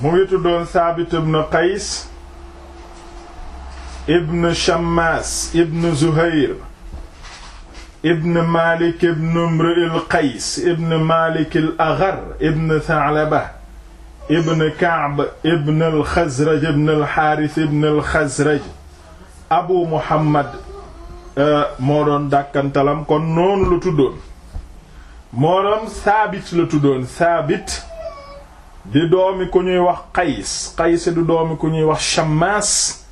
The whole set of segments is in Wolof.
mu ngi tuddoon Saabit ibn Qays ibn Shammaas ibn Zuhayr ibn Malik ibn Imril Qays ibn Malik al-Aghar ibn Tha'laba ibn Ka'b ibn al-Khazraj ibn al-Harith ibn al-Khazraj Abu Muhammad eh, moo doon dàkkantalam kon noonu la tuddoon moo doon Saabit la tuddoon Saabit di doomi ku ñuy wax qays qays di doomi ku ñuy wax shammaas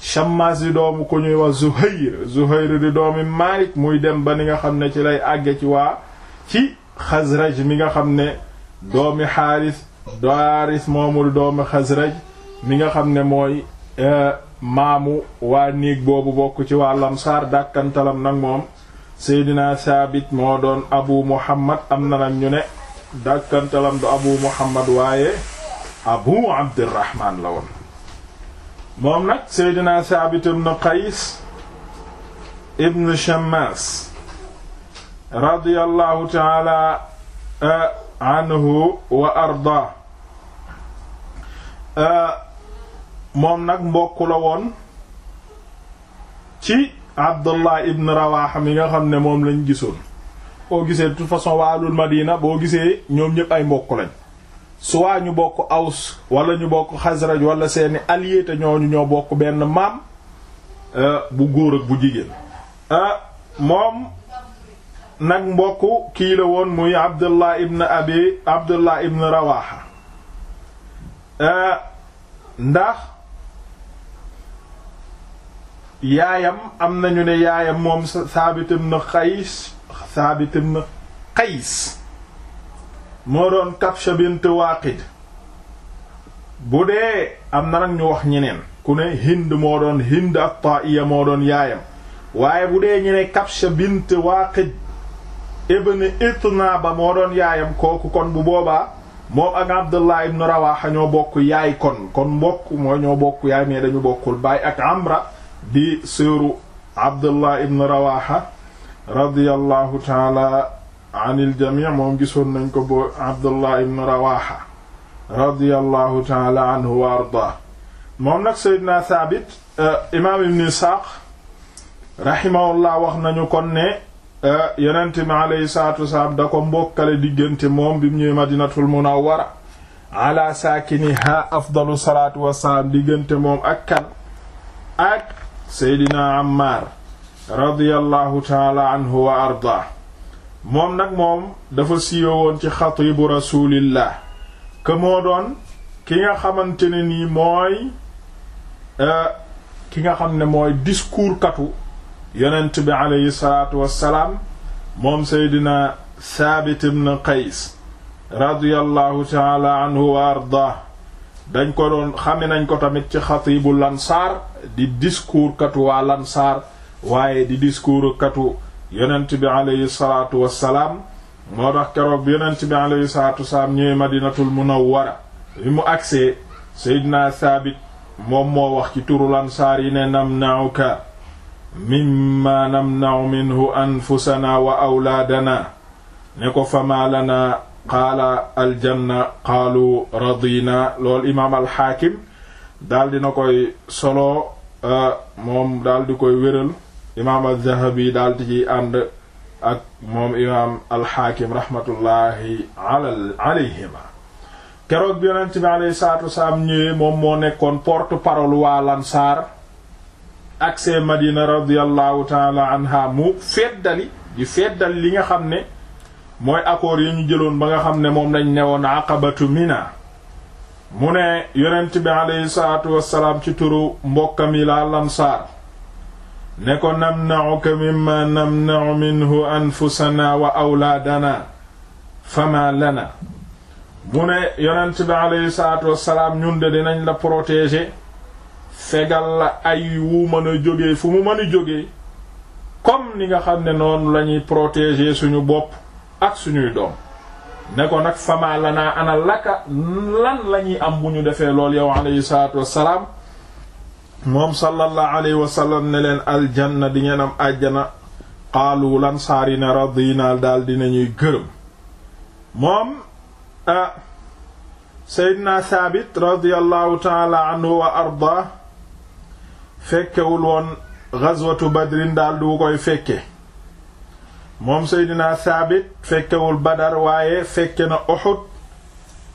shammaas di doomi ku ñuy wax zuhayr zuhayr di doomi maalik muy dem ba ni nga xam ne ci lay àggee ci waa ci xasraj mi nga xam ne doomi xaaris daaris moomu di doomi xasraj mi nga xam ne mooy eh, maamu waa néeg boobu bokk ci waa lamsaar dàkkantalam nag moom seydina saabit moo doon abu muhammad am na nag ñu ne dàkkantalam du abu muhammad waaye abu abdirahman la woon moom saabit ibn qays ibn shammas radiyallahu taala eh, anhu wa arda eh, moom nag mbokk la woon abdullah ibn rawaha mi nga ne moom lañ gisoon koo gisee de toute façon waalul madina boo gisee ñoom ñëpp ay mbokk lañ soit ñu bokk Aws walla ñu bokk Xasraj wala seeni alliés te ñooñu ñoo bokk benn maam euh, bu góor ak bu jigéen euh, moom nag mbokk kii la woon muy Abdullah ibn Abi Abdullah ibn Rawaha euh, ndax yaayam am nañu ne yaayam moom Saabit ibn Qays Thabit ibn moo doon Kabsha bint Waaqid bu dee am na nag ñu wax ñeneen ku ne Hind moo doon Hind at-Ta'iya moo doon yaayam waaye bu dee ñu ne bint Waaqid ibn Itnaba moo doon yaayam kooku kon bu boobaa moom ak Abdullah ibn Rawaha ñoo bokk yaay kon kon mbokk mooy ñoo bokk yaay mais dañu bokkul baay ak Amra bi sëru Abdullah ibn Rawaha radiyallahu taala an iljami moom gisoon nañ ko boo abdullah ibn rawaxa radiyallahu taala anhu wa arda moom nag seydina thaabit euh, imaam ibn isxaaq rahimahullah wax nañu kon ne euh, yenente mi aleyhi salatu wasalaam da ko mbokkale diggante moom bi mu ñëwee madinatul munawwara ala saakiniha afdalu salatu wasalaam diggante moom ak kan ak seydina ammar radiyallahu taala anhu wa arda moom nag moom dafa siiwe woon ci xatibu rasulillah que moo doon ki nga xamante ne nii mooy eh, ki nga xam ne mooy discours katu yonent bi aleyhi salaatu wassalaam moom seydina Saabit ibn Qays radiyallahu taala anhu wa arda dañ ko doon xame nañ ko tamit ci xatibu lansaar di discours waa lansaar waaye di discours katu yonent bi aleyhi salaatu wassalaam moo tax keroog yonent bi aleyhi salaatu wassalaam ñëwee madinatul munawwara bi mu agsee seydina saabit moom moo wax ci turu lansaar yi ne namna'uka mimma namna'u minhu anfusana wa awlaadana ne ko fama lana qaala aljanna qaalu radina lool imaam alxaakim daal dina koy solo ah, moom daal koy wéral imaam az-Zahabi daal di ciy ànd ak moom imaam al-Hakim rahmatullahi keroog yonent bi alayhi salaatu wasalaam ñëwee moom moo nekkoon porte-parole waa Ansaar ak see Madina radiyallahu taala anha mu feddali di feddali li nga xam ne mooy accord yi ñu jëloon ba nga xam ne moom lañ newoon aqabatu Mina mu ne yonent bi alayhi salaatu wasalaam ci turu mbokkam yi la Ansaar ne ko namna'uka mimma namna'u minhu anfusana wa awlaadana fama lana mu ne yonent bi aleyhi salaatu wassalaam ñun de dinañ la protéger fegal la ay wu mën a jógee fu mu mën jóge jógee comme ni nga xam ne noonu lañuy ñuy suñu bopp ak suñuy doom ne ko nag fama lana ana laka lan la am bu ñu defee lool yow aleyhi salaatu wassalaam moom sallallahu alayhi wa sallam ne aljanna di ngeen am àjjana qaalu lansaar yi ne radina daal dinañuy gërëm moom ah seydina thaabit radiallahu taala anhu wa arda fekkewul woon gazwatu badrin daal du koy fekke moom seydina thaabit fekkewul badar waaye fekke na Uhud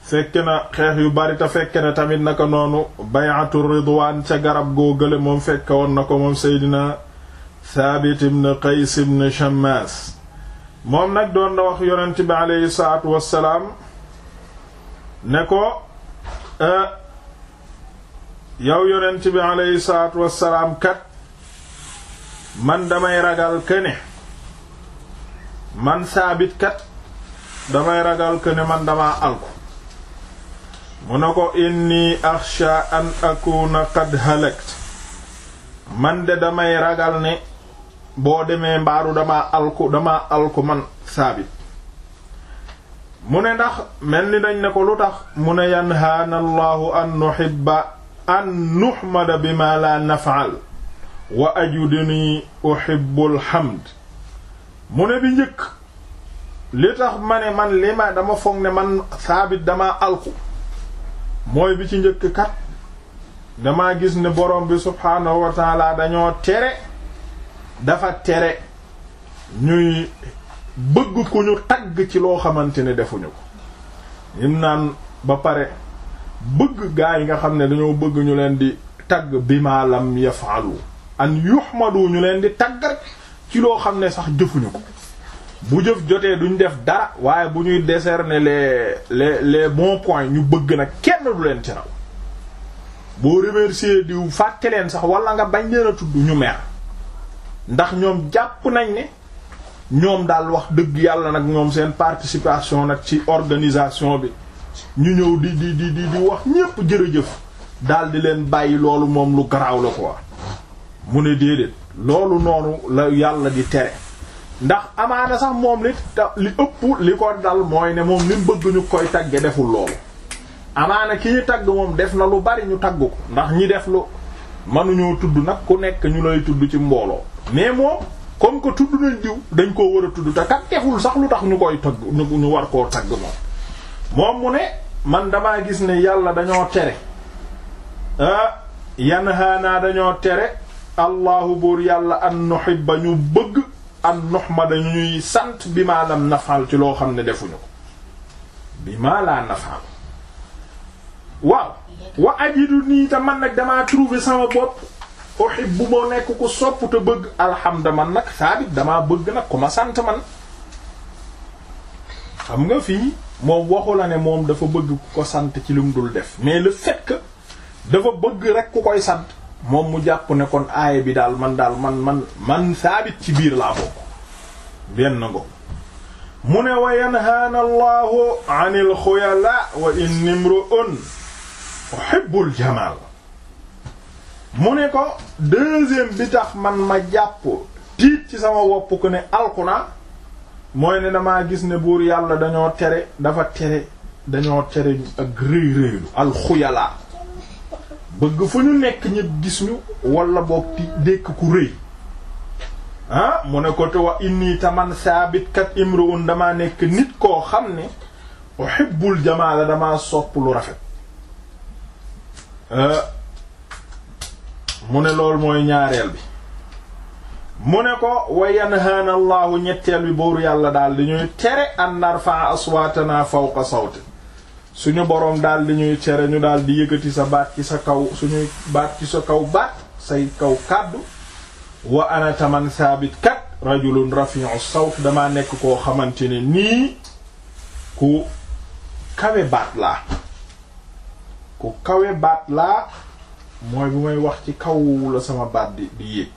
fekk na xeex yu bari te fekk na tamit naka noonu bay'atu ridwaan ca garab goo gële moom fekk woon na ko moom seydina Thabit ibn Qays ibn Shammas moom nag doon na wax yonent bi aleyhi salaatu wassalaam ne ko yow yonent bi aleyhi salaatu wassalaam kat man damay ragal këne man Thabit kat damay ragal këne man damaa alko mu ne ko inni axsha an akuna qad halakt man de damay ragal ne boo demee mbaaru dama alku dama alku man saabit mu ne ndax mel ni dañ ne ko lu tax mu ne yanhaana allahu an nuhibba an bi bima la naf'al wa ajudni uhibbul hamd mu ne bi njëkk li tax ma ne man li ma dama foog man saabit dama alku mooy bi ci njëkk kat dama gis ne borom bi subhaanahu wa taala dañoo tere dafa tere ñuy bëgg ku ñu tagg ci loo xamante ni defuñu ko ñim naan ba pare bëgg gaay nga xam ne dañoo bëgg ñu leen di tagg bi maalam yafalu an yuhmadu ñu leen di tagg ci loo xam ne sax jëfuñu ko bu jëf jotee duñ def dara waaye bu ñuy décerner les les les bons point ñu bëgg nag kenn du leen ci raw boo remercier diw fàtte leen sax wala nga bañ leen a tudd ñu mer ndax ñoom jàpp nañ ne ñoom daal wax dëgg yàlla nag ñoom seen participation nag ci organisation bi ñu ñëw di di di di di wax ñépp jërëjëf daal di leen bàyyi loolu moom lu garaaw la quoi mu ne déedéet loolu noonu la yàlla di tere. ndax amaana sax moom li li ëpp li ko dal mooy ne moom li bëgg ñu koy tagge deful loolu amaana ki ñu tagg moom def na lu bari ñu tagg ko ndax ñi def lu mënuñoo tudd nag ku nekk ñu lay tudd ci mbooloo mais moom comme que tudd nañ diw dañ ko war a tudd te kat deful sax lu tax ñu koy tagg ñu war koo tagg moom moom mu ne man damaa gis ne yàlla dañoo tere ah yanhaanaa dañoo tere allahu buur yàlla an nuhibba ñu bëgg an nuhma dañu ñuy sant bi ma lam nafal ci loo xam ne defuñu ko bi ma laa nafal waaw wa ajidu nii te man nag damaa trouver sama bopp uhibbu moo nekk ku sopp te bëgg alhamda man nag saabit damaa bëgg nag ku ma sant man xam nga fii moom waxu la ne moom dafa bëgg ku ko sant ci lu dul def mais le fekk que dafa bëgg rek ku koy sant moom mu jàpp ne kon aaya bi daal man daal man man man saabit ci biir laa bokk benn ngo mu ne wa yanhaana allahu an il xuyala wa in nimru'un uhibbul jamal mu ne ko deuxième bi tax man ma jàpp tiit ci sama wopp ko ne alku naa mooy ne damaa gis ne buur yàlla dañoo tere dafa tere dañoo tere ak rëy rëylu bëgg fu ñu nekk ñëpp gis ñu wala boog ti dékk ku rëy ah mu ne ko te wa inni taman saabit kat imruun nekk nit koo xam ne uhibbul jamaala damaa sopp lu rafet ah, mu ne lool mooy ñaareel bi mu ne ko wa yanhaana allahu ñetteel bi booru yàlla daal di ñuy tere an narfa aswaatana fawqa sawti suñu boroom daal di ñuy cere ñu daal di yëkkati sa baat ci sa kaw suñuy baat ci sa kaw baat say kaw kàddu wa ana taman saabit kat rajulun rafi'u sawt damaa nekk koo xamante ne nii ku kawe baat laa ku kawe baat laa mooy bu may wax ci kaw la sama baat di di yéeg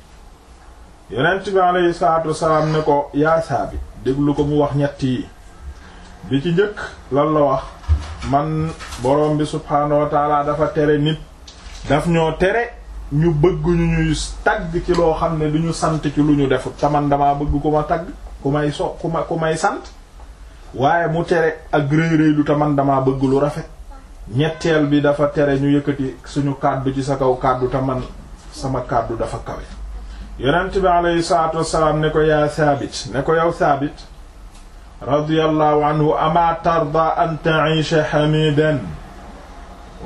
yonent bi alayhi salaatu wasalaam ne ko yaa bi déglu ko mu wax ñett yi bi ci njëkk lan la wax man borom bi subhaanahu taala dafa tere nit daf ñoo tere ñu bëgguñu ñu ñuy tagg ci loo xam ne du ñu sant ci lu ñu defut te man damaa bëgg ku ma tagg ku may so ku ma ku may sant waaye mu tere ak rëy-rëylu te man damaa bëgg lu rafet ñetteel bi dafa tere ñu yëkkati suñu kàddu ci sa kaw kàddu te man sama kàddu dafa kawe yonent bi alayhi salaatu wassalaam ne ko yaa saabit ne ko yow saabit radiyallahu anhu ama tarda an ta'iisha hamiidan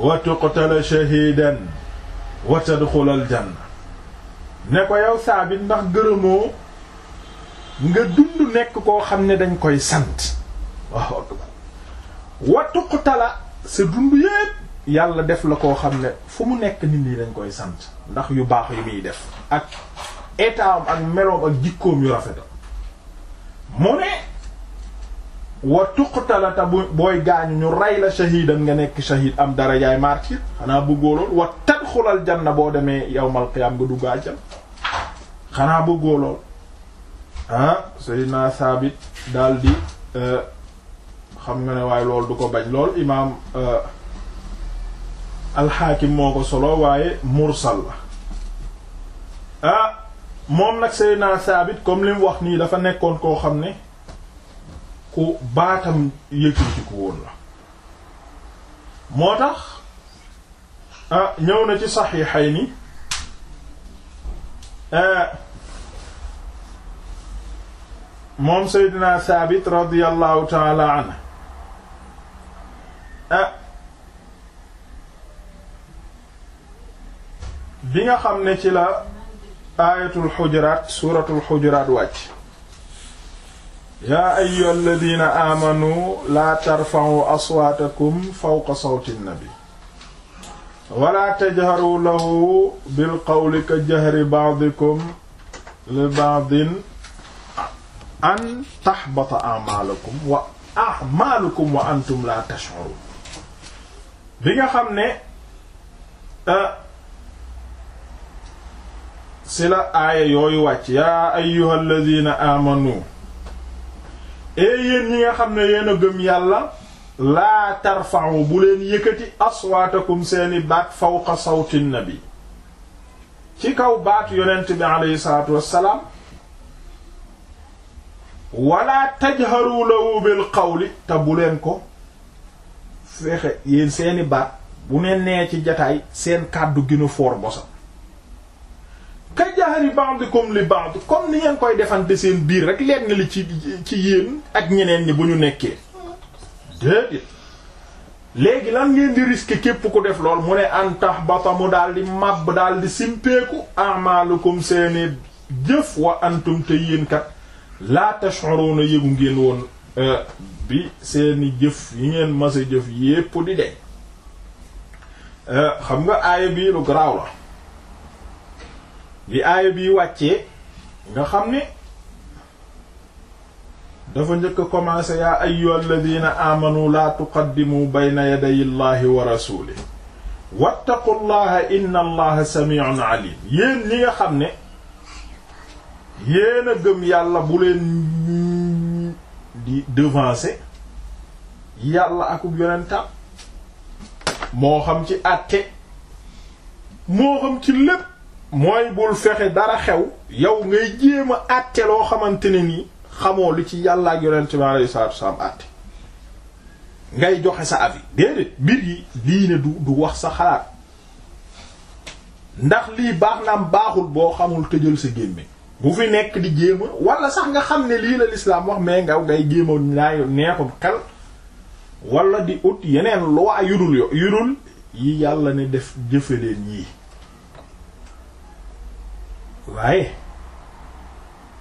wa tuqtala shahiidan wa tadxula aljanna ne ko yow saabit ndax gërëmoo nga dund nekk koo xam ne dañ koy sant waaw wa tuqtala sa dund yépp yàlla def la koo xam ne fu mu nekk nit ñi dañ koy sant ndax yu baax yi muy def ak état ak meloom ak jikkoom yu rafetam mu ne wa tuqtalata bu booy gaañu ñu rey la shahidan nga nekk shahid am dara darajaay martyr xanaa bëggoo lool wa tadxulal janna boo demee yawmal qiyaam nga dugg àjjana xanaa bëggoo lool ah Seydina Saabit daldi euh, xam nga ne waaye loolu du ko bañ lool imaam euh, alxaakim moo ko solo waaye mursal la ah moom nag Seydina Saabit comme li wax nii dafa nekkoon koo xam ne ku baatam yëkkatiku woon la moo tax ñëw na ci saxiixayni moom Seydina Saabit radiyallahu taala anhu ah bi nga xam ne ci la aayatul xujuraat suuratul xujuraat wàcc yaa ayyuha alladina aamanu laa tarfa'u aswaatakum fawqa sawti nnabi wala tajharu lahu bilqawli ka jahri ba'dikum li ba'din an tahbata a'maalukum wa a'maalukum wa antum laa tash'urun bi nga xam ne euh, si la aaya yooyu wàcc yaa ayyuha alladina aamanu ee eh, yéen ñi nga xam ne yéen gëm yàlla laa tarfa'u bu leen yëkkati aswaatakum seeni baat fawqa sawti nabi ci kaw baat yonent bi aleyhi salaatu wassalaam wala tajharu lahu bil qawli te bu leen ko fexe yéen seeni baat bu neen nee ci jataay seen kàddu ginu foor bosa ka jahri ba'dikum li ba'd comme ni ngeen koy defante seen biir rek leen li ci ci yéen ak ñeneen ñi bu ñu nekkee déedéet léegi lan ngeen di risquer képp ku def lool mu ne an tahbata mu daal di màbb daal di simpeeku a'malukum seeni jëf wa antum te yéen kat la tash'uruna yëgu ngeen woon euh, bi seeni jëf yi ngeen mas a jëf yépp di deñ euh, xam nga aaya bii lu garaaw la bi aaya bi wàccee nga xam ni dafa njëkk a commencé yaa ayyuhal ladina amanu la tuqaddimu bayna yaday llahi wa rasulih wattaqullaha inna allaha sami'un alim yéen li nga xam ne yéen gëm yàlla bu leen di devancer yàlla akub yonentam moo xam ci àtte moo xam ci lépp mooy bul fexe dara xew yow ngay jéem a àtte loo xamante ne ni xamoo li ci yàlla ak yonent bi ngay joxe sa avis déedéet mbir yi diine du du wax sa xalaat ndax lii baax naam baaxul boo xamul tëjal sa gémmiñ bu fi nekk di jéema wala sax nga xam ne lii la lislaam wax mais nga ngay jéema laay neexum xel wala di ut yeneen loi yudul yo yi yàlla ne def jëfe leen yii waaye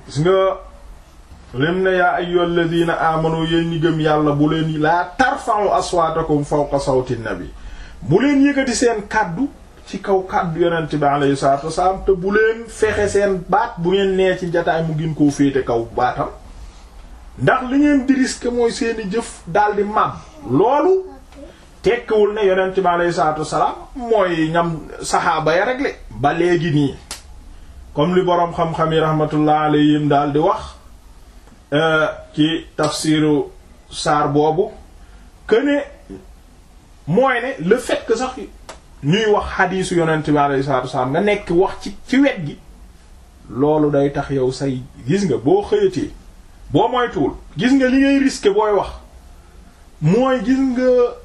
gis nga lim ne yaa ayyuhal ladina amanu yéen ñi gëm yàlla bu leen laa tarfa'u aswaatakum fawqa sawti bi bu leen yëkkati seen kàddu ci kaw kàddu yonent bi alayhi salaatu wasalaam te bu leen fexe seen baat bu ngeen nee ci jataay mu gën koo féete kaw baatam ndax li ngeen di risque mooy seeni jëf daldi màbb loolu tekkiwul na yonent bi alayhi salaatu wasalaam mooy ñam saxaaba ya rek le ba léegi nii comme li boroom xam-xam yi rahmatullah alayhim daal di wax euh, ci tafsiru saar boobu que ne mooy ne le fait sax ñuy wax xadiisu yonent bi alayhi salaatu wasalaam nga nekk wax ci ci wet gi loolu day tax yow say gis nga boo xëyatee boo moytuwul gis nga li ngay risqué booy wax mooy gis nga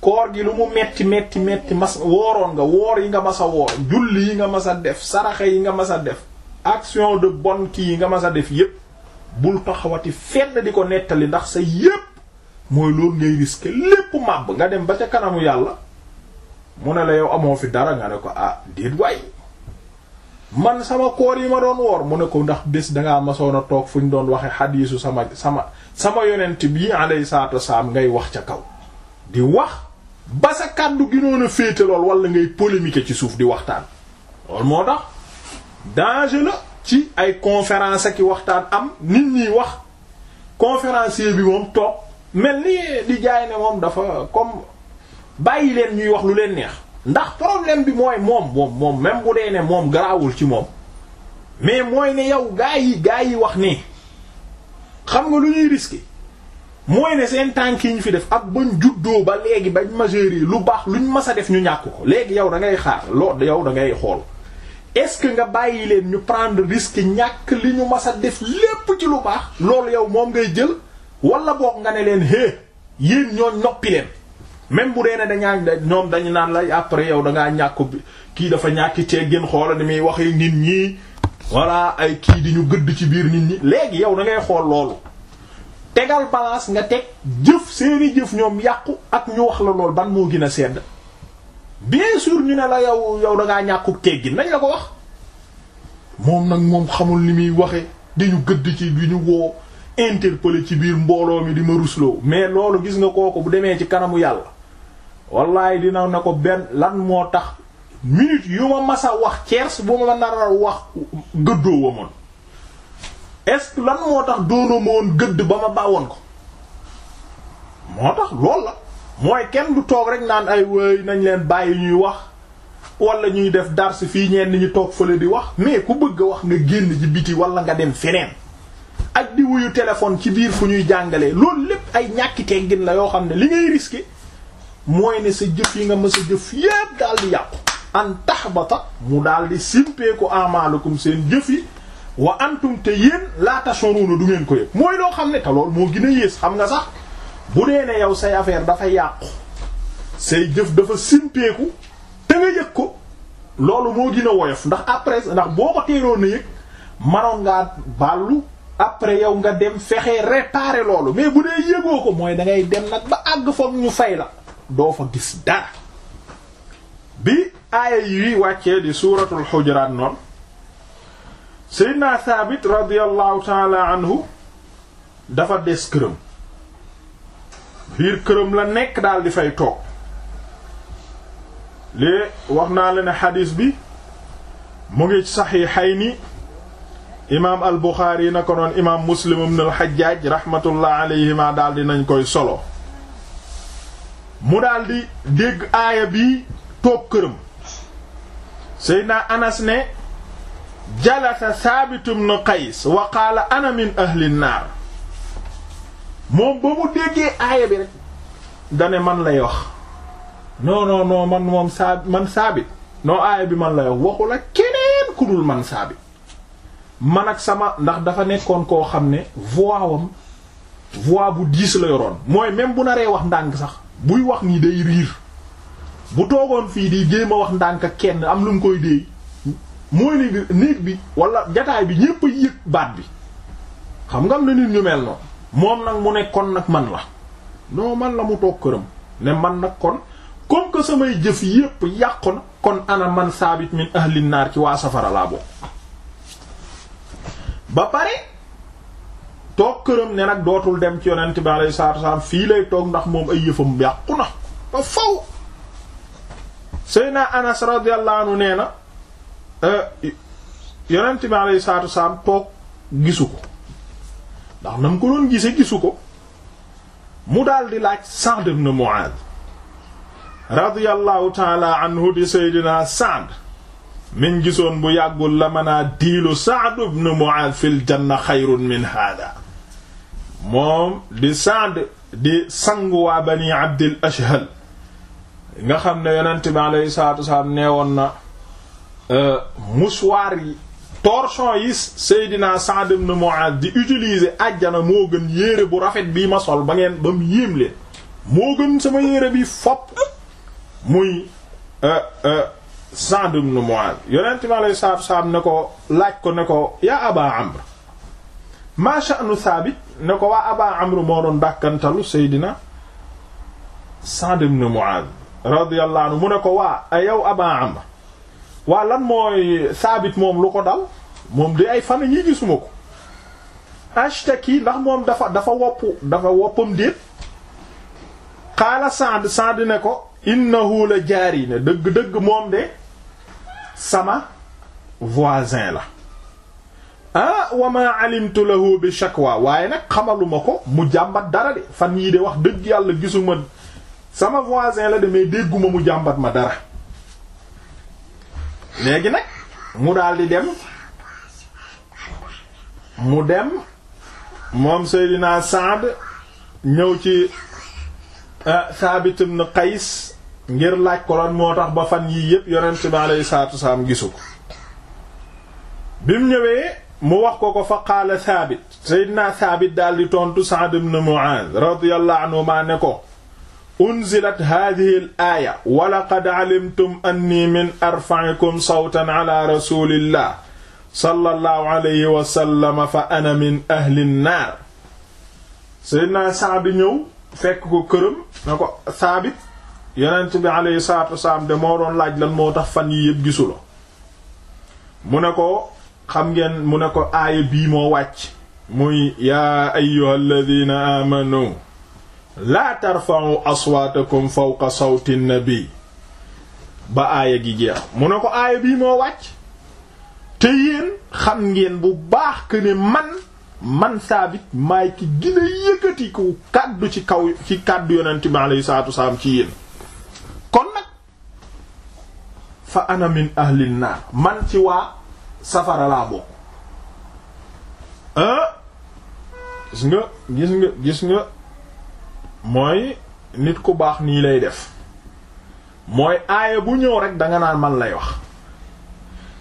koor gi lu mu metti metti metti mas wooroon nga woor yi nga mas a woor julli yi nga mas a def saraxa yi nga mas a def action de bon kii yi nga mas a def yépp bul taxawati fenn di ko nettali ndax sa yépp mooy loolu ngay risquer lépp màbb nga dem ba ca kanamu yàlla mu ne la yow amoo fi dara nga ne ko ah déet waay man sama koor yi ma doon woor mu ne ko ndax bés dangaa masoon a toog fu ñu doon waxe xadiisu sama sama sama yonent bi alayhi salaatu wasalaam ngay wax ca kaw ba sa kàddu ginoon a féete lool wala ngay polémiquer ci suuf di waxtaan loolu moo tax danger la ci ay conférence ak waxtaan am nit ñuy wax conférencier bi moom toog mel ni li jaay ne moom dafa comme bàyyi leen ñuy wax lu leen neex ndax problème bi mooy moom moom moom même bu dee ne moom garaawul ci moom mais mooy ne yow gaa yi gaa yi wax ne xam nga lu ñuy risquer mooy ne seen tànk yi ñu fi def ak bañ juddoo ba léegi bañ majeur yi lu baax luñ mas a def ñu ñàkk ko léegi yow dangay ngay xaar lool yow dangay xool est-ce que nga bàyyi leen ñu prendre risque ñàkk li ñu mas a def lépp ci lu baax loolu yow moom ngay jël wala boog nga ne leen hé yéen ñoo noppi leen même bu dee ne dañaa ñoom dañu naan la après yow da ngaa ñàkk kii dafa ñàkk ceeg gën xoola ni muy waxee nit ñi voilà ay kii di ñu gëdd ci biir nit ñi léegi yow da ngay xool loolu tegal balance nga teg jëf seeni jëf ñoom yàqu ak ñu wax la lool ban moo gën a sedd bien sûr ñu ne la yow yow da ngaa ñàkkuk teggin nañ la ko wax moom nag moom xamul ni muy waxe dañu gëdd ci du ñu woo interpeller ci biir mbooloo mi di ma rusloo mais loolu gis nga kooku bu demee ci kanamu yàlla wallaay dina na ko benn lan moo tax minute yu ma masa wax ceers bu ma nar wax gëddoo wamoon est-ce que lan moo tax doonoo ma woon gëdd ba ma bàwoon ko moo tax loolu la mooy kenn du toog rek naan ay wéy nañ leen bàyyi ñuy wax wala ñuy def darsi fii ñenn ñi toog fële di wax mais ku bëgg a wax nga génn ci biti wala nga dem feneen ak di yu téléphone ci biir fu ñuy jàngalee loolu lépp ay ñàkki teggin la yoo xam ne li ngay risqué mooy ne sa jëf yi nga mës a jëf yépp daal yàqu an tax ba tax mu daal di simpee ko amaalukum seen jëf yi wa antum te yéen laa tashuruna du ngeen ko yëg mooy loo xam ne te loolu moo gin a yées xam na sax bu dee ne yow say affaire dafa yàqu say jëf dafa simpeeku te nga yëg ko loolu moo gën a woyof ndax après ndax boo ko teeloon a yëg manoon ngaa bàllu après yow nga dem fexe réparer loolu mais bu dee yëgoo ko mooy da ngay dem nag ba àgg foog ñu fay la doo fa gis dara bi aaya yi wàccee di suuratul xujuraat noonu Seydina Thabit radiyallahu taala anhu dafa des këram biir këram la nekk daal di fay toog lée wax naa la ne xadiis bi mu ngi saxiixayni imaam al Buxaari yi na ko noon imaam Muslim ibn al Hajjaaj rahmatullah alayhima daal di nañ koy solo mu daldi di dégg aaya bi toog këram Seydina Anas ne jalasa saabitu ibn qays wa qaala ana min ahli naar moom ba mu déggee aaya bi rek dane man lay wax non non non man moom saab man saabit bi man lay wax la keneen ku dul ak sama ndax dafa nekkoon koo xam ne voix wam bu diis la yoroon mooy même bu naree wax ndànk sax buy wax nii day riir bu toogoon fii di jéem a wax ndànk kenn am lu mu koy déey mooy ni néeg bi wala jataay bi ñépp a yëg baat bi xam nga am na nit ñu mel noonu moom nag mu ne kon nag man la non man la mu toog këram ne man nag kon comme que samay jëf yépp yàqu na kon ana man saabit min ahlin naar ci waa safara laa bokk ba pare toog këram ne nag dootul dem ci yonent bi alayhi fii lay toog ndax moom ay yëfam yàqu na ba faw Seyna Anas radiyallahu nee na Euh, yonent bi alayhi salaatu wasalaam toog gisu ko ndax na mu ko doon gise gisu ko mu daal di laaj Sa'd ibn Mu'adh radiyallahu taala anhu di seydina Sa'd min gisoon bu yàggul la mën a diilu Sa'd ibn Mu'adh fil janna xayrun min hada moom di Sa'd di sangu waa bani Abdil Ashhal nga xam ne yonent bi alayhi Euh, mouchoir yi yi Seydina Sa'd ibn Mu'adh di utilise àjjana moo gën yére bu rafet bii ma sol ba ngeen ba mu leen moo gën sama yére bi fopp muy euh, euh, Sa'd ibn Mu'adh yonent mi alei salaatu salaam ne ko laaj ko ne ko yaa Aba Amr ma sha'nu Saabit ne ko waa Aba Amr moo doon dàkkantalu Seydina Sa'd ibn Mu'adh radiyallahu anhu mu ne ko waa a yow Aba Amr waa lan mooy saabit moom lu ko dal moom de ay fan ñii gisuma ko ashtaki ndax moom dafa dafa wopp dafa woppam déet xaala Saad Saad ne ko innahu la jaari ne dëgg-dëgg moom de sama voisin la ah wa ma alimtu lahu chaque shakwa waaye nag xamaluma ko mu jàmbat dara de fan yii de wax dëgg yàlla gisuma sama voisin la de mais dégguma mu jàmbat ma dara léegi nag mu daldi dem mu dem moom Seydina Saad ñëw ci euh, Saabit na Qays ngir laaj ko lan moo tax ba fan yii yépp yonent bi alayhi salaatu gisu ko bi mu ñëwee mu wax ko ko fa qaala Saabit Seydina Saabit daal di tontu Saad ibn Mu'aaz radiyallahu anhu maa ne ko unzilat hadihi l aaya wa laqad alimtum anni min arfaikum sawtan ala rasulillah sallallahu alayhi wa fa ana min ahli nnaar seydna saabi ñëw fekk ko këram na ko saabit yonent bi alayhi salaatu wasalaam de moo doon laaj lan moo tax fan yi yépp gisuloo mu ko mu ne ko aaya bii moo wàcc muy yaa ayyuhalladhina amanu laa tarfa'u aswaatakum fawqa sawti nabi ba aaya gi jeex mu ne ko aaya bii moo wàcc te yéen xam ngeen bu baax que ne man man saabit maay ki gën a ku kàddu ci kaw ci kàddu yonent bi alayhi salaatu ci yéen kon nag fa ana min ahlin man ci waa safara laa bokk ah gis nga gis nga gis nga mooy nit ku baax nii lay def mooy aaya bu ñëw rek danga naan man lay wax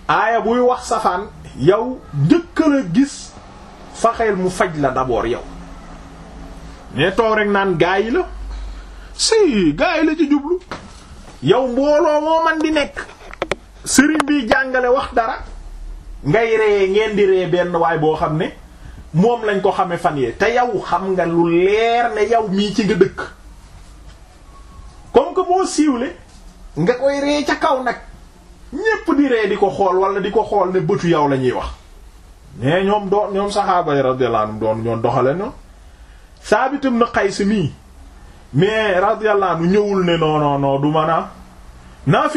aaya buy wax safaan yow njëkk la gis faxeel mu faj la d'abord yow mais toog rek naan gaa yi la si gaa yi la ci jublu yow mbooloo moo man di nekk sëriñ bi jàngale wax dara ngay ree ngeen di ree benn waay boo xam ne moom lañ ko xame fan yee te yow xam nga lu leer ne yow mii ci nga dëkk comme que moo siiwle nga koy ree ca kaw nag ñépp di ree di ko xool wala di ko xool ne bëtu yow la ñuy wax mais ñoom doon ñoom saxaaba yi radiyallahu anhum doon ñoon doxale noonu saabitam na Qays mii mais radiyallahu ñëwul ne non non non du mën a la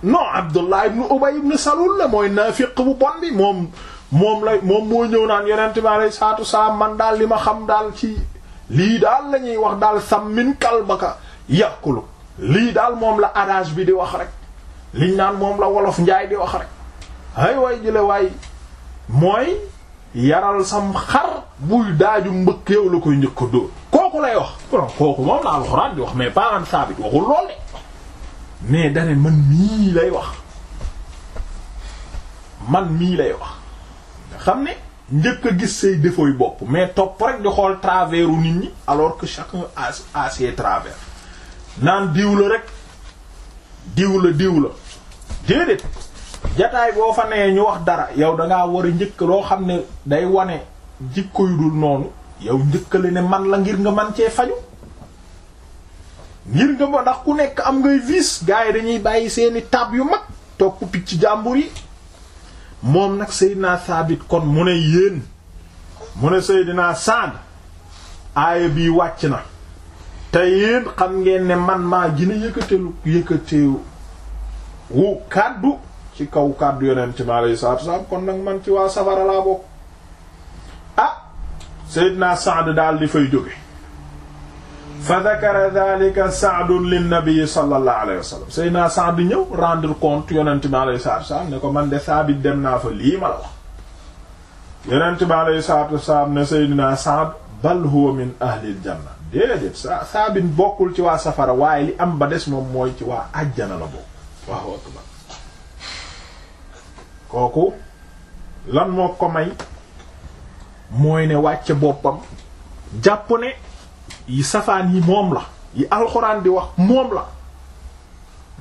non Abdullah ibn Ubay ibn Salul la mooy naafiq bu bon bi moom moom lay moom moo ñëw naan yonent bi alayhi salaatu salaam man daal li ma xam daal ci lii daal la ñuy wax daal sammin kalbaka yàqulu lii daal moom la adage bi di wax rek liñ naan moom la wolof njaay di wax rek ay waay jële waay mooy yaral sam xar buy daaju mbëkk yow la koy njëkk a kooku lay wax kooku moom la alxuraan di wax mais pas an saabit waxul lool de mais dane man mii lay wax man mii lay wax xam ne njëkk gis say défauts yu bopp mais topp rek di xool traver u nit ñi alors que chacun a ses naan diw la rek diw la diw la déedéet jataay boo fa nee ñu wax dara yow dangaa war a njëkk loo xam ne day wane jikko noonu yow njëkkale ne man la ngir nga man cee faju ngir nga ma ndax ku nekk am ngay vice gars yi dañuy bàyyi seeni tab yu mag ku picc jàmbur yi moom nag Seydina Saabit kon mu ne yéen mu ne Seydina Saad aaya bii wàcc na te yéen xam ngeen ne man maa gina lu yëkkateewu wu kàddu ci kaw kàddu yonent ci alayhi salaatu wasalaam kon nag man ci waa safara laa bokk ah Seydina Saad daal di fay jóge fa dakara dalika saadun linnabii sallallahu alayhi wa sallam Seydina ñëw rendre compte yonent alayhi wasalaam ne ko man de saabit dem naa fa lii ma la wax yonent alayhi wasalaam ne Seydina Saad bal huwa min ahlil janna déedéet saabit bokkul ci waa safara waaye li am ba des moom mooy ci waa ajjana la bokk kooku lan moo ko may mooy ne wàcce boppam jàpp ne yi safaan yi moom la yi alxuraan di wax moom la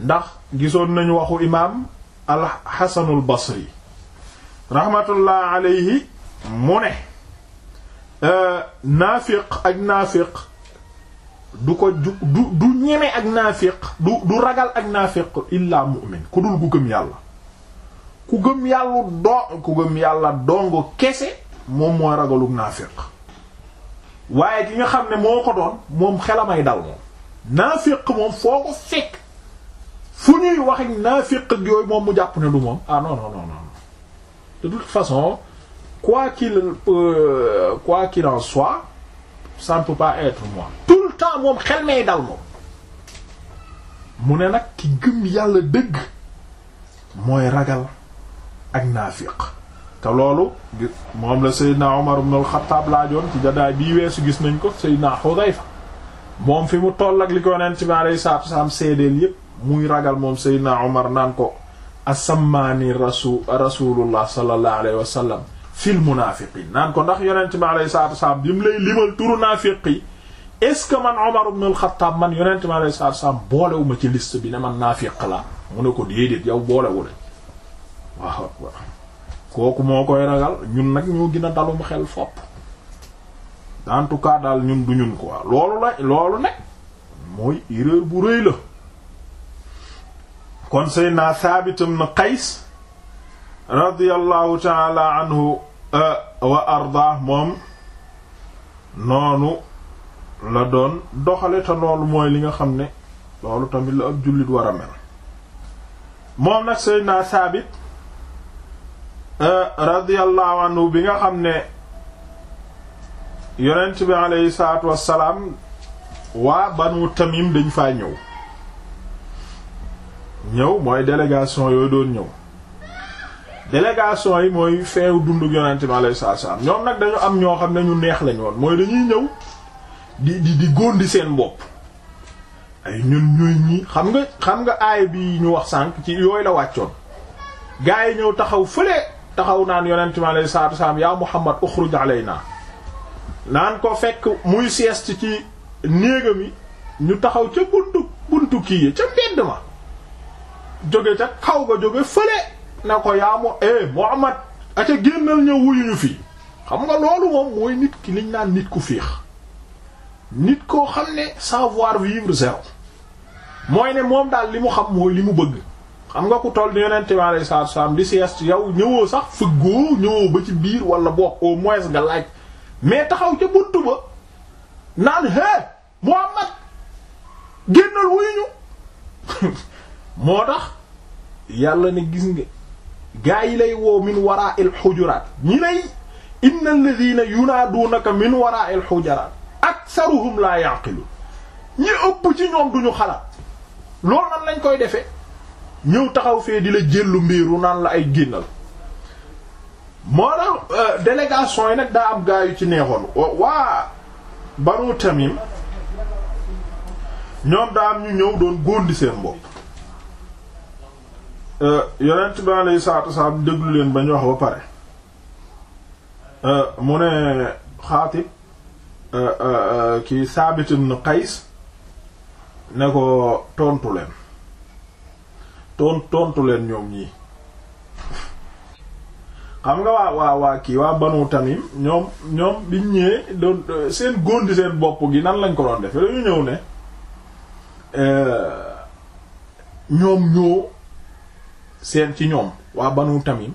ndax gisoon nañu waxu imaam alxasanul basri rahmatullah alayhi mu ne euh, naafiq ak naafiq du ko du du ñeme ak naafiq du du ragal ak naafiq illaa mu'min ku dul ku gëm yàlla ku gëm yàlla doo ku gëm yàlla dong kese moom mooy ragalu naafiq waaye ki nga xam ne moo ko doon moom xelamay dal moom naafiq moom foo ko fekk fu ñuy wax ak naafiq yooyu moom mu jàpp ne du moom ah non non non non de toute façon quoi qu'il euh, quoi qu'il en soit ça ne peut pas être moi tout le temps moom xel may dal moom mu ne nag ki gëm yàlla dëgg mooy ragal ak naafiq te loolu moom la Seydina Omar ibn al-Khattab laajoon ci jadaay weesu gis nañ ko Seydina Hudayfa moom fi mu toll ak li ko neen ci maanaam saatu saam seedeel yépp muy ragal moom Seydina Omar naan ko asamaani rasul rasulullah sallallahu alayhi wa sallam fil munaafiqiin naan ko ndax yonent bi alayhi salaatu wasalaam bi mu lay limal turu naafiq yi est-ce que man Omar ibn al-Khattab man yonent bi alayhi salaatu wasalaam boolewuma ci liste bi ne man naafiq la mu ne ko déedéet yow boolewule waaw kooku moo koy ragal ñun nag ñoo gën a dalum xel fopp en tout cas daal ñun du ñun quoi loolu la loolu nag mooy erreur bu rëy la kon Seydina Thabit ibn Qays radiyallahu taala anhu euh, wa arda moom noonu la doon doxale te loolu mooy li nga xam ne loolu tamit la ab jullit war a mel moom nag Seydina Euh, radiyallahu anhu bi nga xam ne yonent bi aleyhi salaatu wassalaam waa banu tamim dañ faa ñëw ñëw mooy délégation yooyu doon ñëw délégation yi mooy feew dundu yonent bi aleyhi salaatu wassalaam ñoom nag dañu am ñoo xam ne ñu neex lañ woon mooy dañuy ñëw di di di góondi seen bopp ay ñun ñuy ñi xam nga xam nga aay bi ñu wax sànq ci yooyu la wàccoon gaa yi ñëw taxaw fële taxaw naan yonent mi alayhi salaatu saam yaa Muhammad uxruj alaynaa naan ko fekk muy sieste ci néegam yi ñu taxaw ca buntu buntu kii yi ca mbedd ma jóge ca kaw ga jóge fële na ko yaa moo eh Muhammad aca génnal ñëw wuyuñu fii xam nga loolu moom mooy nit ki liñ naan nit ku fiix nit koo xam ne savoir vivre zéro mooy ne moom daal li mu xam mooy li mu bëgg xam nga ko toll ni yonente bi alayhi salaatu di sieste yow ñëwoo sax fëggoo ñëwoo ba ci biir wala bokk au moins nga laaj mais taxaw ca buntu ba naan hee Muhammad génnal wuyu ñu moo tax yàlla ne gis nga gaa yi lay woo min waraa'il hujuraat ñi lay innal ladhiina yunaaduunaka min waraa'il hujuraat aktharuhum laa ya'qiluun ñi ëpp ci ñoom duñu xalaat loolu nan lañ koy defee ñëw taxaw fee di la mbiir mbiiru naan la ay génnal moo tax euh, délégation yi nag daa am gaa yu ci neexoon waa Banu Tamim ñoom daa am ñu ñëw doon góondi seen bopp euh, yonent bi alayhi salaatu wasalaam déglu leen ba ñu wax ba pare euh, mu ne xaatib kii saabitin ibn ne ko tontu leen toon tontu leen ñoom ñii xam nga waa waa waa kii waa banu tamim ñoom ñoom biñ ñëwee doon euh, seen góondi seen bopp gi nan lañ ko doon defe dañu ñëw ne euh, ñoom ñoo seen ci ñoom waa banu tamim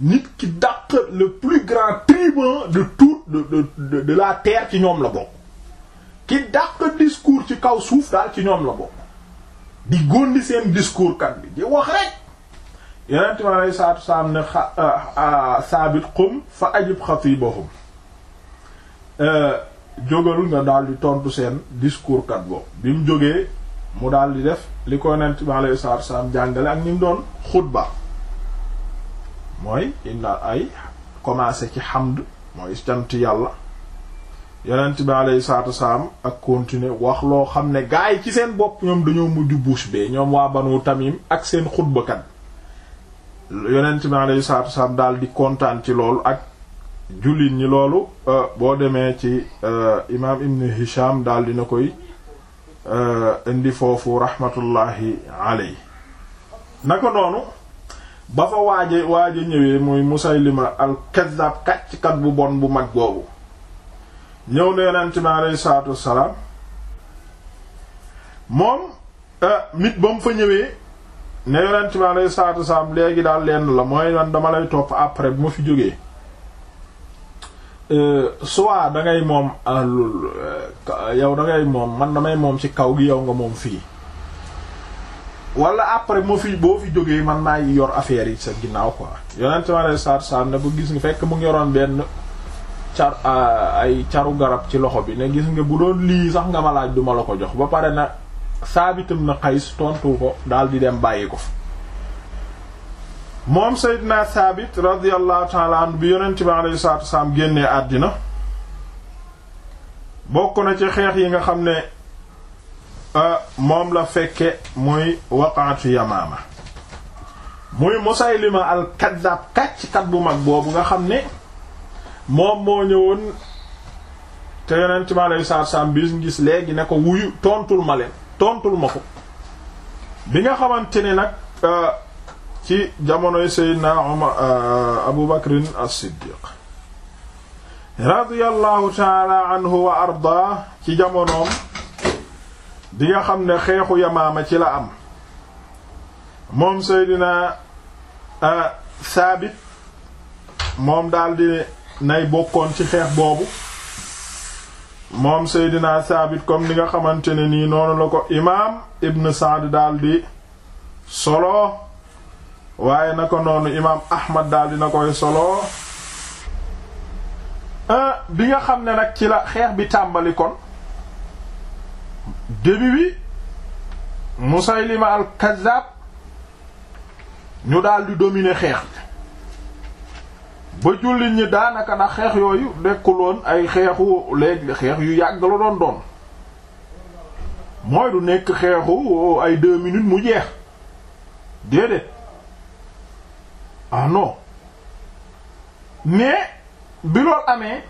nit ki dàq le plus grand tribun de tout de de de la terre ci ñoom la bokk ki dàq discours ci kaw suuf daal ci ñoom la bokk di góndi seen discours kat bi di wax rek yenent mi alei salatu salaam ne euh, euh, saabit qum fa ajib xatibahum euh, jógalul nga daal di tontu seen discours kat boobu bi mu jógee mu daal di def li ko yenent mi alei salatu salaam jàngale ak ni mu doon xutba mooy inna ay commencé ci xamd mooy sant yàlla yonent bi alayhi salaatu saam ak continuer wax loo xam ne gaa yi ci seen bopp ñoom dañoo mujj bouche bee ñoom waa banu tamim ak seen xutbakat yonent bi alayhi salaatu wasalaam daal di kontaan ci lool ak jullit ñi loolu euh, boo demee ci euh, imaam ibn hisham daal dina koy euh, indi foofu rahmatullahi aley naka noonu ba fa waaje waaje ñëwee muy musaylima al kazzab kàcckat bu bon bu mag boobu ñëw na yonent bi aleyhi salaatu wassalaam moom mit eh, ba mu fa ñëwee ne yonent bi aleyhi salaatu wassalaam léegi daal lenn la mooy man dama lay topp après bu ma fi jógee eh, soit da ngay moom alul eh, yow da ngay moom man damay moom ci kaw gi yow nga moom fii walla après moo fi boo fi jógee man maa yor affaire yi sa ginnaaw ko yonent bi aleyhi salaatu wassalaam ne bu gis nga fekk mu ngi yoroon benn car ay caru garab ci loxo bi ne gis nga bu doon lii sax nga ma laaj duma la ko jox ba pare na saabitam na xays tontu ko daal di dem bàyyi ko fa moom Seydina Saabit radiyallahu taala anhu bi yonent bi alayhi salaatu wasalaam génnee àddina bokk na ci xeex yi nga xam ne moom la fekke muy waqaatu Yamaama muy Musaylima al-Kaddaab kàcc kat bu mag boobu nga xam ne moom moo ñëwoon te yonent mi aleyhi salaatu salaam bi gis léegi ne ko wuyu tontul ma leen tontul ma ko bi nga xamante ne nag euh, ci jamonoy Seydina Umar euh, Abu Bakrin as-Siddiq radiyallahu taala anhu wa arda ci jamonoom bi nga xam ne xeexu yamaama ci la am moom Seydina euh, Saabit moom daldi nay bokkoon ci xeex boobu moom Seydina Saabit comme ni nga xamante ne nii noonu la ko imaam Ibn Saad daal di solo waaye na ko noonu imaam Ahmad daal na koy solo ah, bi nga xam ne nag ci la xeex bi tàmbali kon début bi Musaylima al-Kazzab ñu daldi di xeex ba jullit ñi daanaka na xeex yooyu nekkuloon ay xeexu léegi xeex yu yàgg la doon doon mooy du nekk xeexu ay deux minutes mu jeex déedéet ah non mais bi loolu amee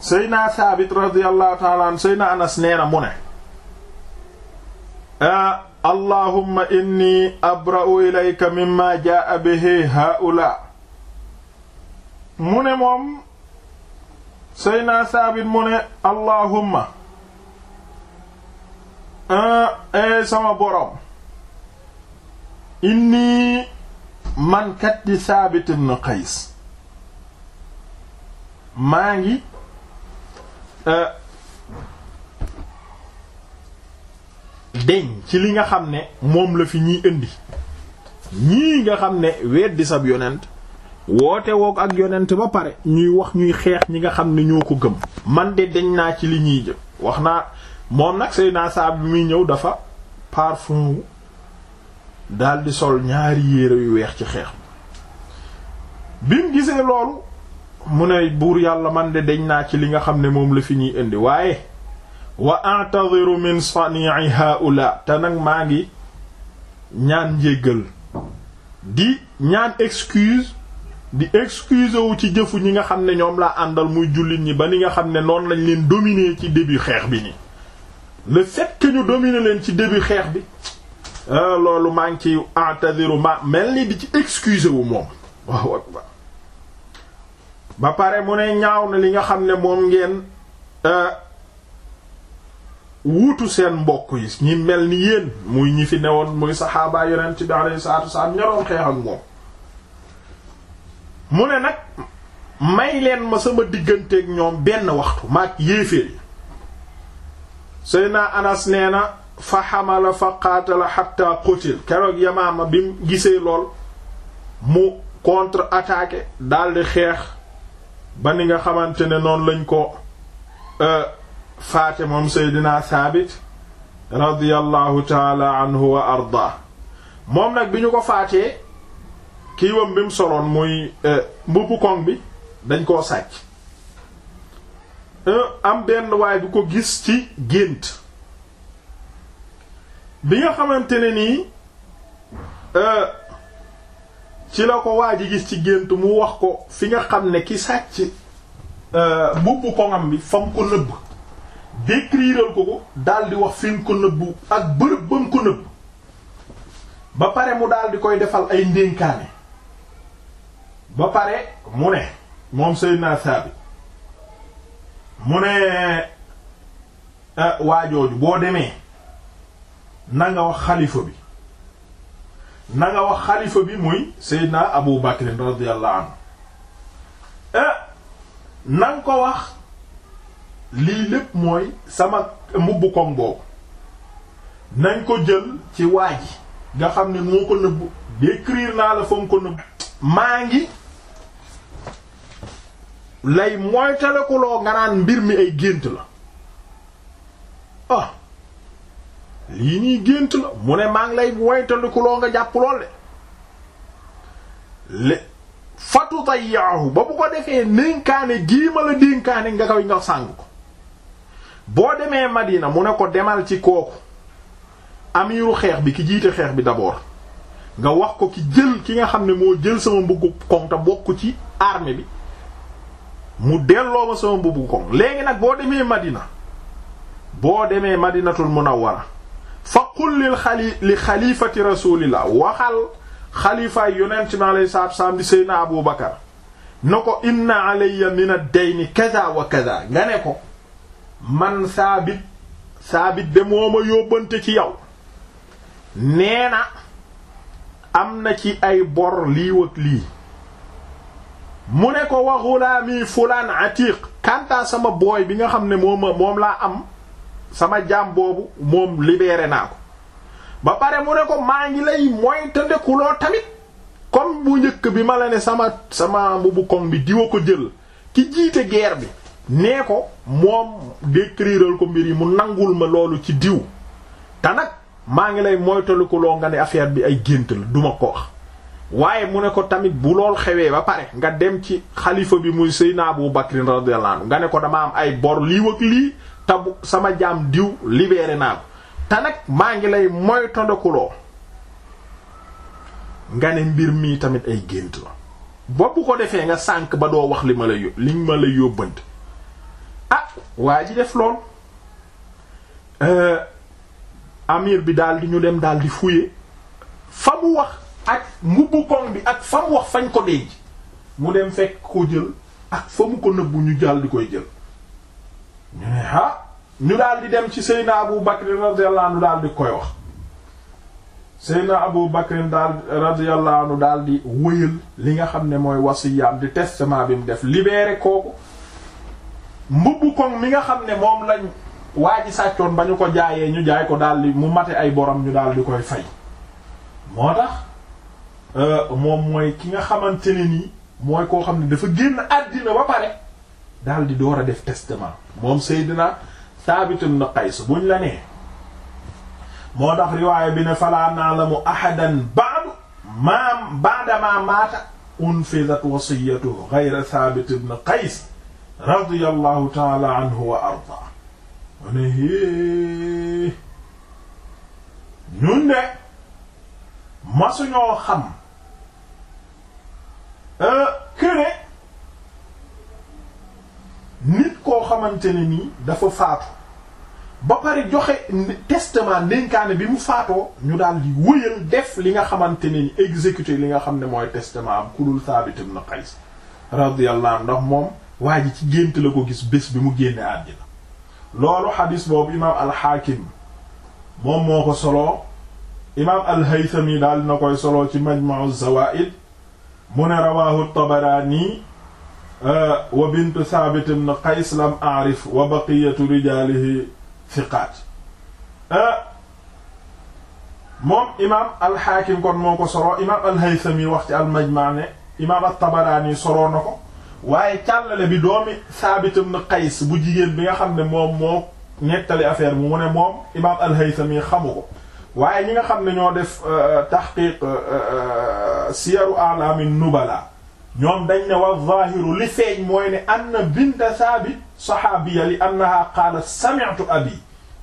Seydina Saabit radiyallahu ta'ala an Anas nee na mu ne ah allahumma inni abra'u ilayka mimma jaa bihi haula mu ne moom Seydina Saabit mu allahumma ah, ee eh, sama borom inni man kat di Saabit Qays maa ngi eh, deñ ci li nga xam ne moom la fi ñuy indi ñii nga xam ne weddi sab yonent woote woog ak yonent ba pare ñuy wax ñuy xeex ñi nga xam ne ñoo ko gëm man de deñ naa ci li ñuy jëm wax naa moom nag say naa bi muy ñëw dafa parfum daldi sol ñaari yére yu weex ci xeex bi mu gisee loolu mu ne buur yàlla man de deñ naa ci li nga xam ne moom la fi ñuy indi waaye wa a'tadhiru min sani'i haula te nag maa ngi ñaan njéggal di ñaan excuse di excuse wu ci jëfu ñi nga xam ne ñoom laa àndal muy jullit ñi ba ni nga xam ne noonu lañ leen dominer ci début xeex bi nii le fait que ñu dominer leen ci début xeex bi ah, loolu maa ngi ci a'tadiru ma mel ni di ci excuse wu moom waaw ba pare mu ne ñaaw na li nga xam ne moom ngeen ah, wuutu seen mbokk yi ñi mel ni yéen muy ñi fi newoon muy saxaaba yonent bi alayhi salaatu wasalaam ñoroon xeex moom mu ne nag may leen ma sama digganteeg ñoom benn waxtu maag yéeféer yi Seydina Anas nee na fa xamala fa qaatala xatta keroog Yamaama bi gisee lool mu contre-attaqué daldi xeex ba ni nga xamante ne noonu lañ ko euh, faate moom seydina Saabit radiyallahu taala anhu wa ardaa moom nag bi ñu ko faatee kii wam bi mu soloon muy eh, mbubbu koŋ bi dañ koo sàcc eh, am benn waay bu ko gis ci gént bi nga xamante ne nii eh, ci la ko waa ji gis ci gént mu wax ko fi nga xam ne ki sàcc mbubbu koŋam bi fa mu ko nëbb décriral ko ko daal wax fi mu ko nëbbu ak bërëb ba mu ko nëbbu ba pare mu daal koy defal ay ndénkaane ba pare mu ne moom Seydina Saabit mu ne eh, waajooju boo demee na wax xalifa bi nanga wax xalifa bi muy Seydina Abu Bakr radiyallahu anhu eh, na ko wax lii lépp mooy sama mbubb koŋ boobu nañ ko jël ci waa ji nga xam ne moo ko nëbb décrire naa la fa ko nëbb maa ngi lay moytalekuloo nga naan mbir mi ay gént la ah lii nii gént la mu ne maa ngi lay moytalekuloo nga jàpp lool de fatu tayyahu ba bu ko defee nénkaane gii ma la dénkaane nga koy nga sàng ko boo demee Madina mu ne ko demal ci kooku amiru xeex bi ki jiite xeex bi d'abord nga wax ko ki jël ki nga xam ne moo jël sama mbuggu koŋ te bokk ci armée bi mu delloo ma sama mbuggu koŋ léegi nag boo demee Madina boo demee Madinatul Munawwara fa qul lil xali li xalifati rasulillah waxal xalifaay yonent mi alayhi salaatu salaam di Seydina Abu Bakar na ko inna alayya min ad-dayni kaza wa kaza nga ne ko man saabit saabit de moo ma yóbbante ci yow nee na am na ci ay bor liiwa wëg lii mu ne ko wa ghulami fulaan atiq kanta sama booy bi nga xam ne moom laa am sama jaam boobu moom libéré naa ko ba pare mu ne ko maa ngi lay moytandekuloo tamit kon bu njëkk bi ma la ne sama sama mbubu bi diwa ko jël ci jiite geer bi nee ko moom décriral ko mbir yi mu nangul ma loolu ci diw te maa ngi lay moytalikuloo nga ne affaire bi ay gént la duma ko wax waaye mu ne ko tamit bu lool xewee ba pare nga dem ci xalifa bi muy Seydina Abu Bakr radiyallahu anhu nga ne ko dama am ay bor lii wëg lii tabu sama jaam diw libéré naa ko maa ngi lay moytalikuloo nga ne mbir mii tamit ay gént la boppu ko defee nga sànk ba doo wax li ma la yób li ma la yóbbante waa ji def lool euh, amir bi daal di ñu dem daal di fuye fa mu wax ak ngubbu koŋ bi ak fa mu wax fañ ko denc mu dem fekk ko jël ak fa mu ko nëbbu ñu daal koy jël ñu ne ah ñu daal di dem ci Seydina Abu Bakr radiyallahu anhu di koy wax Seydina Abu Bakr daal radiyallahu anhu daal di li nga xam ne mooy wasiyaam di testament bi mu def libeere kooku mbubb koŋ mi nga xam ne moom lañ waa ji sàccoon ba ñu ko jaayee ñu jaay ko daldi mu mate ay borom ñu di koy fay moo tax euh, moom mooy ki nga xamante ne nii mooy koo xam ne dafa génn àddina ba pare daldi war a def testament moom Seydina Saabit ibn Qays buñ la nee moo tax riwaaya bi ne falaa na'lamu ahadan ba'du ma ba'da ma maata unfizat wasiyatu ghayra Saabit ibn radiyallahu taala anhu wa arda ma ne é ñun de masuñoo xam këne euh, nit koo xamante ne nii dafa faatu ba pare joxe testament ndénkaane bi mu faatoo ñu daal di wëyal def li nga xamante ne ni exécuté li nga xam ne mooy testament am kulul Thabit ibn Qais radiyallahu ndax moom waa ji ci gént la ko gis bés bi mu génne àddina loolu xadis boobu imaam alxaakim moom moo ko soloo imaam daal dina koy ci majmau zawaid mu ne rawahu tabaraani uh, wa bintu thabit ibn qays lam aarif wa baqiyatu rijaalihi thiqaat uh, moom imaam alxaakim kon moo ko soloo imaam wax ci almajmaa ne imaam altabaraani soloo na waaye càllale bi doomi Saabit ibn Qays bu jigéen bi nga xam ne moom moo nettali affaire bi mu ne moom imaam al-Haythami xamu ko waaye ñi nga xam ne ñoo def euh, tahqiq euh, euh, siyaru a'lamin nubala ñoom dañ ne wa zaahiru li feeñ mooy ne anna bint Saabit saxaabiya li annaha qaalat sami'tu abi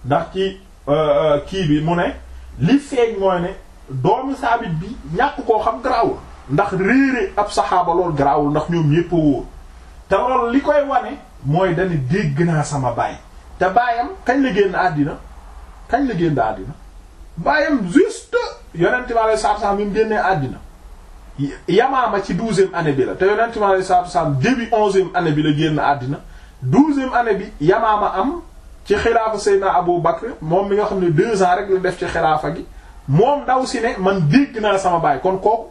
ndax ci kii bi mu ne li feeñ mooy ne doomu Saabit bi ñàkk koo xam garaawul ndax réere ab saxaaba lool garaawul ndax ñoom yépp a te loolu li koy wane mooy dani dégg naa sama baay te baayam kañ la génn àddina kañ la génn àddina baayam juste yonent bi alayhi salaatu salaam yi mu génnee àddina yamaama ci douzième année bi la te yonent bi alayhi saa salaam début onzième année bi la génn àddina douzième année bi yamaama am ci xilaafa Seydina Abu Bakr moom mi nga xam ne deux ans rek la def ci xilaafa gi moom daw si ne man dégg naa sama baay kon kooku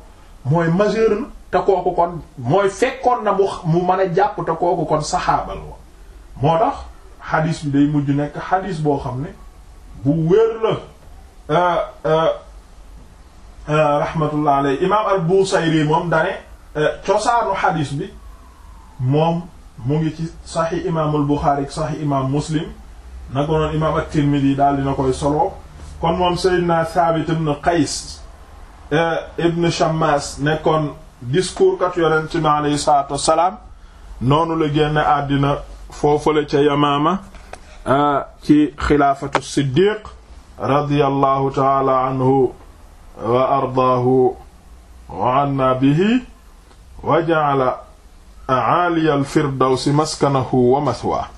mooy majeur na te kooku kon mooy fekkoon na mu mu mën a jàpp te kooku kon saxaaba la moo tax xadiis bi day mujj nekk xadiis boo xam ne bu wér la euh, euh, euh, rahmatullah imaam al moom dane cosaanu xadiis bi moom mu ngi ci saxi imaamul Buxaari saxi imaam Muslim na ko noon imaam at-Tirmidi daal dina koy solo kon moom Seydina Saabit ibn Qays ibn Shammas nekkoon discours kat yonent bi aleyhi salaatu wassalaam noonu la génn àddina foofale ca Yamaama ah, ci xilaafatu Siddiq radiyallahu taala anhu wa ardaahu wa anna bihi wa ja'ala a'ali al-firdawsi maskanahu wa mathwaahu